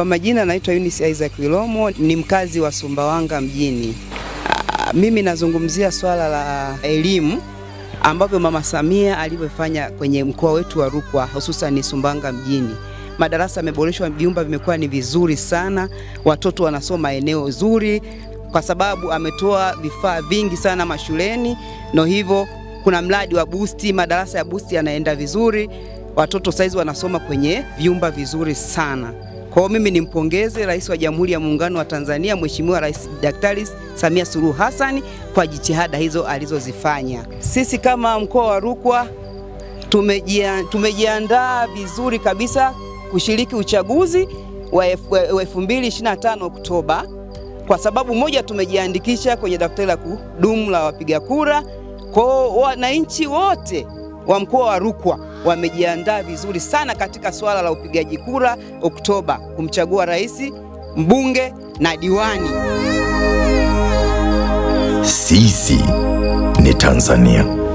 Kwa majina naitwa Eunice Isaac Wilomo, ni mkazi wa Sumbawanga mjini. Ah, mimi nazungumzia swala la elimu ambavyo Mama Samia alivyofanya kwenye mkoa wetu wa Rukwa hususan ni Sumbawanga mjini. Madarasa yameboreshwa, vyumba vimekuwa ni vizuri sana, watoto wanasoma eneo zuri kwa sababu ametoa vifaa vingi sana mashuleni, na hivyo kuna mradi wa busti, madarasa ya busti yanaenda vizuri, watoto saizi wanasoma kwenye vyumba vizuri sana. Kwa mimi nimpongeze Rais wa Jamhuri ya Muungano wa Tanzania Mheshimiwa Rais Daktari Samia Suluhu Hassan kwa jitihada hizo alizozifanya. Sisi kama mkoa wa Rukwa tumejiandaa vizuri kabisa kushiriki uchaguzi wa 2025 Oktoba, kwa sababu moja, tumejiandikisha kwenye daftari la kudumu la wapiga kura. Kwa wananchi wote wa mkoa wa Rukwa wamejiandaa vizuri sana katika suala la upigaji kura Oktoba kumchagua rais, mbunge na diwani. Sisi ni Tanzania.